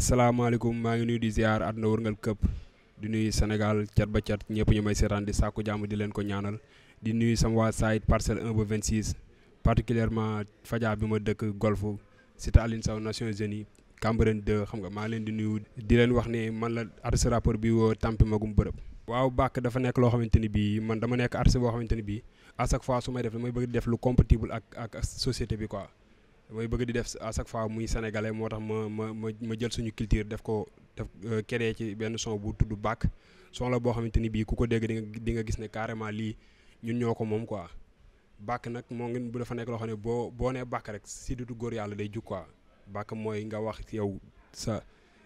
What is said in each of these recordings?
salaamaaleykum maa ngi nuyu di ziar àdduna wërngal këpp di nuyu Sénégal cat ba cat ñëpp ñu may seetaan di sàkku jàmm di leen ko ñaanal di nuyu sama waa site parcelle 1 vingt 26 particulièrement Fadia bi ma dëkk golf cité Aline Sow Nations Unies Cambérène 2 xam nga maa ngi leen di nuyu di leen wax ne man la artiste rappeur bi woo tampi magum bërëb waaw Bakk dafa nekk loo xamante ni bii man dama nekk artiste boo xamante ni bii à chaque fois su may def damay bëgg def lu ak ak bi quoi mooy bëgg di def à chaque fois muy sénégalais moo tax ma ma ma ma jël suñu culture def ko def euh, créé ci benn son bu tudd bàkk son la boo xamante ni bii ku ko dégg di nga di nga gis ne carrément lii ñun ñoo ko moom quoi bàkk nag moo ngi bu dafa nekk loo xam ne boo boo nee bàkk rek si dudu góor yàlla day jug quoi bàkk mooy nga wax yow sa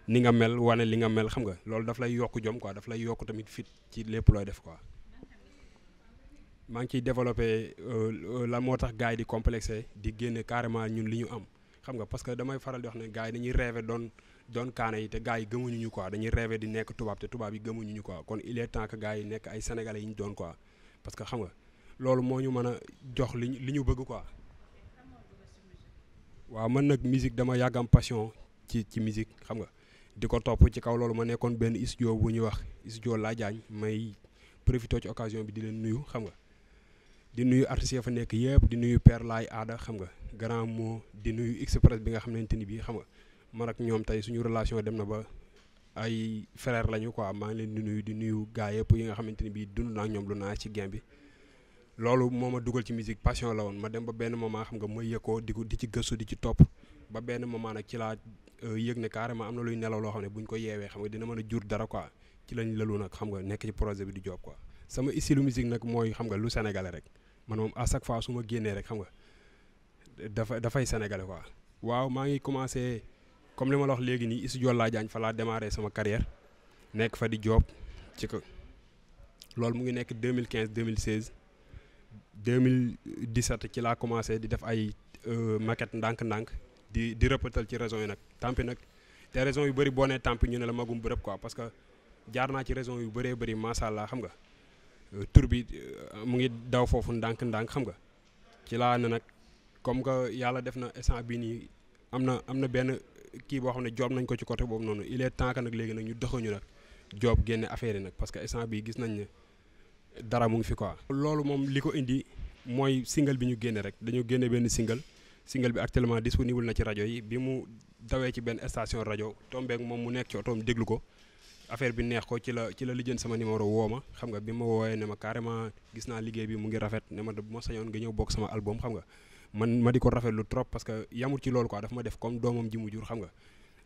ni nga mel wane li nga mel xam nga loolu daf lay yokk jom quoi daf lay yokk tamit fit ci lépp looy def quoi maa ngi ciy développé euh, euh, lan moo tax gars yi di complexé di génne carrément ñun li ñu am xam nga parce que damay faral di wax ne gars yi dañuy rêvé doon doon kaana yi te gars yi gëmuñu ñu quoi dañuy rêvé di nekk tubaab te tubaab yi gëmuñu ñu quoi kon il est temps que gars yi nekk ay sénégalais yi ñu doon quoi parce que xam nga loolu moo ñu mën a jox li li ñu bëgg quoi. waaw man nag musique dama yàgg am passion ci ci musique xam nga di ko topp ci kaw loolu ma nekkoon benn isjo bu ñuy wax studio Ladiagne may profité ci occasion bi di leen nuyu xam nga. di nuyu artistes fa nekk yëpp di nuyu Père Laay Aada xam nga grand mot di nuyu express bi nga xamante ni bii xam nga man ak ñoom tey suñu relation dem na ba ay frère lañu quoi maa ngi di nuyu di nuyu gaa yëpp yi nga xamante ni bii dund naa ñoom lu naa ci game bi. loolu moo ma dugal ci musique passion la woon ma dem ba benn moment xam nga ma yëg ko di ko di ci gëstu di ci topp ba benn moment nag ci laa euh, yëg ne carrément am na luy nelaw loo xam ne bu ñu ko yeewee xam nga dina mën a jur dara quoi ci lañ lalu nag xam nga nekk ci projet bi di job quoi sama isilu musique nag mooy xam nga lu sénégalais rek. man moom à chaque fois su ma génnee rek xam nga dafa dafay sénégalais quoi. waaw maa ngi commencé comme li ma la wax léegi nii Isu Jolla Jaañ fa laa démarré sama carrière nekk fa di job ci ko loolu mu ngi nekk 2015 2016 2017 ci laa commencé di def ay euh, maquette ndànk-ndànk di di rëppatal ci raison yi nag tampi nag te raison yu bëri boo nee tampi ñu ne la magum bërëb quoi parce que jaar naa ci raison yu bëree bëri macha allah xam nga. Euh, tur bi euh, mu ngi daw foofu ndànk-ndànk xam nga ci laa ne nag comme que yàlla def na instant bi nii am na am na benn kii boo xam ne joob nañ ko ci côté boobu noonu il est temps que nag léegi nag ñu doxuñu nag joob génne affaire yi nag parce que instant bii gis nañ ne dara mu ngi fi quoi. loolu moom li ko indi mooy single bi ñu génne rek dañu génne benn single single bi actuellement disponible na ci rajo yi bi mu dawee ci benn station rajo tombeek moom mu nekk ci déglu ko. affaire bi neex ko ci la ci la lijjën sama numéro woo ma xam nga bi ma woowee ne ma carrément gis naa liggéey bi mu ngi rafet ne ma bu sañoon nga ñëw bokk sama album xam nga man ma di ko rafetlu trop parce que yamul ci loolu quoi daf ma def comme doomam ji mu jur xam nga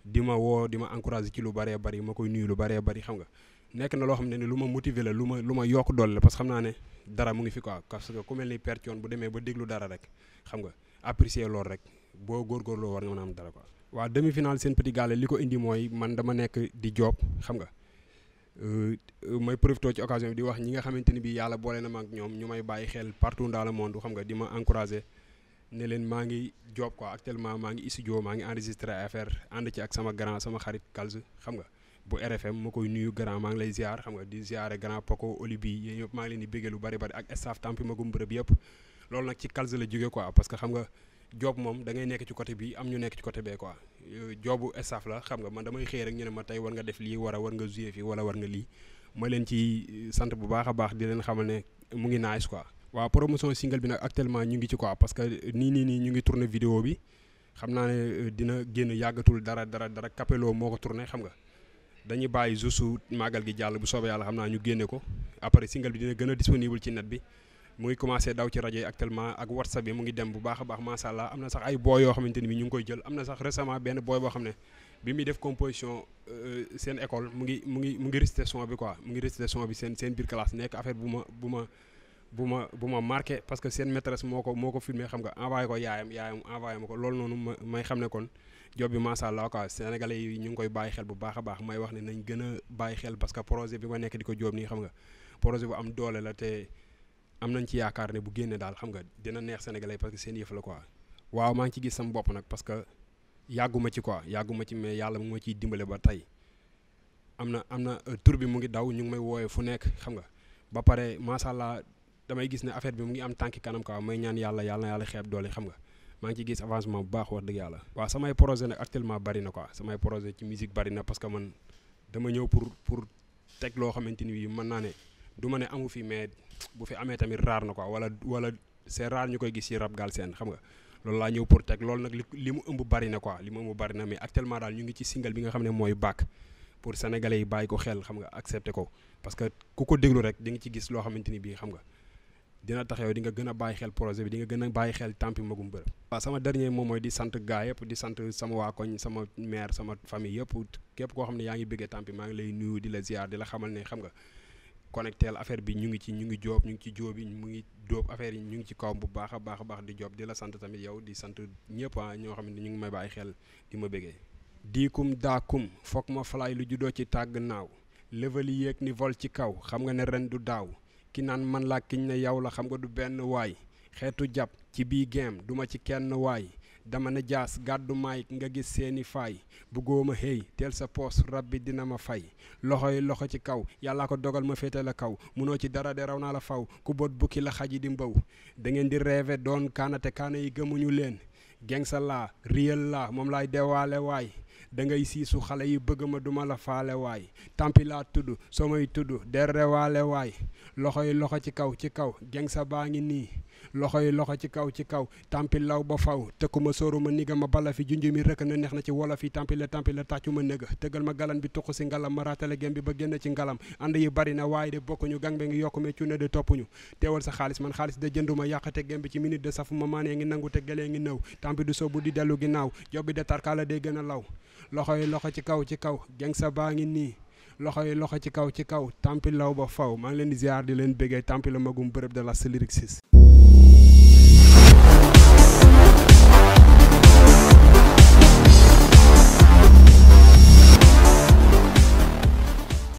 di ma woo di ma encouragé ci lu bëree bëri ma koy nuyu lu bëree bëri xam nga nekk na loo xam ne ni lu ma motiver la lu ma lu ma yokk doole la parce que xam naa ne dara mu ngi fi ko parce que ku pertion bu demee ba déglu dara rek xam nga apprécier loolu rek boo góorgóorloo war nga mën am dara quoi. waa demi finale seen petit gàlle li ko indi mooy man dama nekk di job xam nga euh, may profité ci occasion bi di wax ñi nga xamante ni bii yàlla boole na ma ak ñoom may bàyyi xel partout dans le xam nga di ma encouragé ne leen maa ngi job quoi actuellement maa ngi studio maa ngi enregistré affaire ànd ci ak sama grand sama xarit Kalz xam nga. bu RFM ma koy nuyu grand maa ngi lay ziar xam nga di ziare grand Paco Olibi yéen maa ngi leen di béggee lu bari bari ak staff tampi magum bërëb yëpp loolu parce que xam nga. job moom da ngay nekk ci côté bi am ñu nekk ci côté bee quoi euh, jobu staff la xam nga man damay xëy rek ñu ne ma tey war nga def lii war a war nga jouer fii wala war nga lii ma leen ci euh, sant bu baax a baax di leen xamal ne mu ngi nice quoi waaw promotion single bi nag actuellement ñu ngi ci quoi parce que nii nii nii ñu ngi tourner vidéo bi xam naa ne euh, dina génn yàggatul dara dara dara Capello moo ko tourné xam nga dañu bàyyi juste màggal gi jàll bu soobee yàlla xam naa ñu génne ko après singal bi dina gën a ci net bi mu ngi commencé daw ci rajo yi actuellement ak whatsapp yi mu ngi dem bu baax a baax macha allah am na sax ay booy yoo xamante ni bi ñu ngi koy jël am na sax récemment benn booy boo xam ne bi muy def composition euh, seen école mu ngi mu ngi mu ngi récité bi quoi mu ngi récité bi seen seen biir classe nekk affaire bu ma bu ma bu ma bu ma parce que seen maîtresse moo ko moo ko filmé xam nga envoyé ko yaayam yaayam envoyé ma ko loolu noonu ma may xam ne kon job bi macha ñu ngi koy bàyyi xel bu baax a baax may wax ne nañ gën a bàyyi xel parce que projet bi ma nekk di ko joob nii xam nga projet am doole la te am nañ ci yaakaar ne bu génne daal xam nga dina neex sénégalais parce que seen yëf la quoi waaw maa ngi ci gis sama bopp nag parce que yàgguma ci quoi yàgguma ci mais yàlla mu ciy dimbale ba tey am na am na euh, tur bi mu ngi daw ñu ngi may woowee fu nekk xam nga ba pare macha allah damay gis ne affaire bi mu ngi am tànki kanam quoi may ñaan yàlla yàlla yàlla xeeb doole xam nga maa ngi ci gis avancement bu baax wax dëgg yàlla. waaw samay projet nag actuellement bari na quoi samay projet ci musique bari na parce que man dama ñëw pour pour teg loo xamante ni mën naa ne. du ma ne amu fi mais bu fi amee tamit rare na ko wala wala c'est rare ñu koy gis ci rap galsen xam nga loolu laa ñëw pour teg loolu nag li li mu ëmb bari na ko li mu ëmb bari na mais actuellement daal ñu ngi ci singal bi nga xam ne mooy baak pour sénégalais yi bàyyi ko xel xam nga accepté ko parce que ku ko déglu rek di nga ci gis loo xamante ni bii xam nga dina tax yow di nga gën a bàyyi xel projet bi di nga gën a bàyyi xel tampi magum bërëb waaw sama dernier moom sant gaa yëpp di sant sama waa koñ sama mère sama famille yëpp képp koo xam ne yaa ngi bëggee tampi maa ngi lay nuyu di la ziar di la xamal ne xam nga connecté affaire bi ñu ngi ci ñu ngi joob ñu ngi ci joobi mu ngi dóob affaire yi ñu ngi ci kawam bu baax a baax a baax di joob di la sant tamit yow di sant ñëpp ah ñoo xam ne ñu ngi may bàyyi xel di ma bëggee. diikum daakum foog ma falaay lu juddoo ci tàgg naaw level yi yéeg ni vol ci kaw xam nga ne ren du daaw ki naan man laa kiñ ne yow la xam nga du benn waay xeetu jàpp ci bii game duma ci kenn waay. dama na jass seni may nga gis seni fay bu goma hey tel sa pos rabbi dina ma fay loxoy loxo ci kaw yalla ko dogal ma fete la kaw muno ci dara de rawna la faw ku bot buki la xaji di mbaw da ngeen di reeve don kanate te kaana yi gëmuñu geng sa laa riyal laa moom laay dewaale da ngay sisu xalé yi bëgg ma duma la faalé way tampi la tudd somay may der rewalé way loxoy loxo ci kaw ci kaw geng sa loxo yi loxo ci kaw ci kaw tampil law ba faw tëkkuma sóoru ma niga ma bala fi junju mi rëkk na neex na ci wolof yi tampile tampile tàccu ma néga tëggal ma galan bi tuq si ngalam ma raatale gem ba génn ci ngalam ànd yi bari na waaye de bokkuñu gang be ngi yokku mais cunne de toppuñu teewal xaalis man xaalis de jënduma yàqate gem bi ci ma maanee ngi nangu te gelee ngi nëw tampi du soobu di dellu ginnaaw jobbi de tarkaala day gën a law loxo yi loxo ci kaw ci kaw geng baa ngi nii loxo yi loxo ci kaw ci kaw tampi law ba faw maa ngi leen di ziar di leen béggee tampi la magum bërëb de la selirixis